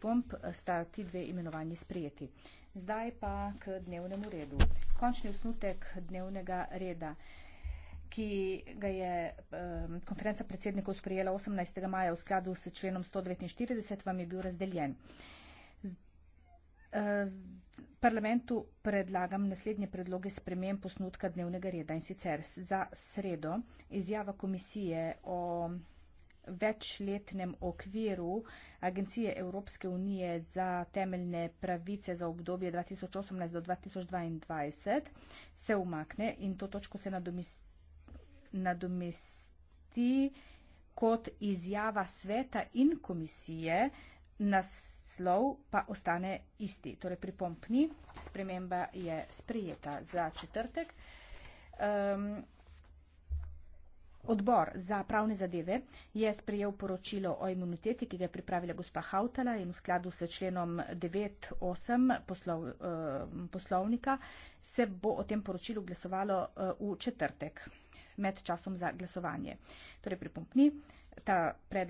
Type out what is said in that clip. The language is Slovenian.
pomp sta ti dve imenovanji sprijeti. Zdaj pa k dnevnemu redu. Končni osnutek dnevnega reda ki ga je eh, konferenca predsednikov sprejela 18. maja v skladu s členom 149, vam je bil razdeljen. Z, eh, z, parlamentu predlagam naslednje predloge spremem posnutka dnevnega reda in sicer za sredo izjava komisije o večletnem okviru Agencije Evropske unije za temeljne pravice za obdobje 2018 do 2022 se umakne in to točko se nadomesti kot izjava sveta in komisije, naslov pa ostane isti. Torej pri pompni sprememba je sprijeta za četrtek. Um, Odbor za pravne zadeve je sprejel poročilo o imuniteti, ki ga je pripravila gospa Hautala in v skladu s členom 9.8 poslov, eh, poslovnika se bo o tem poročilu glasovalo eh, v četrtek med časom za glasovanje. Torej,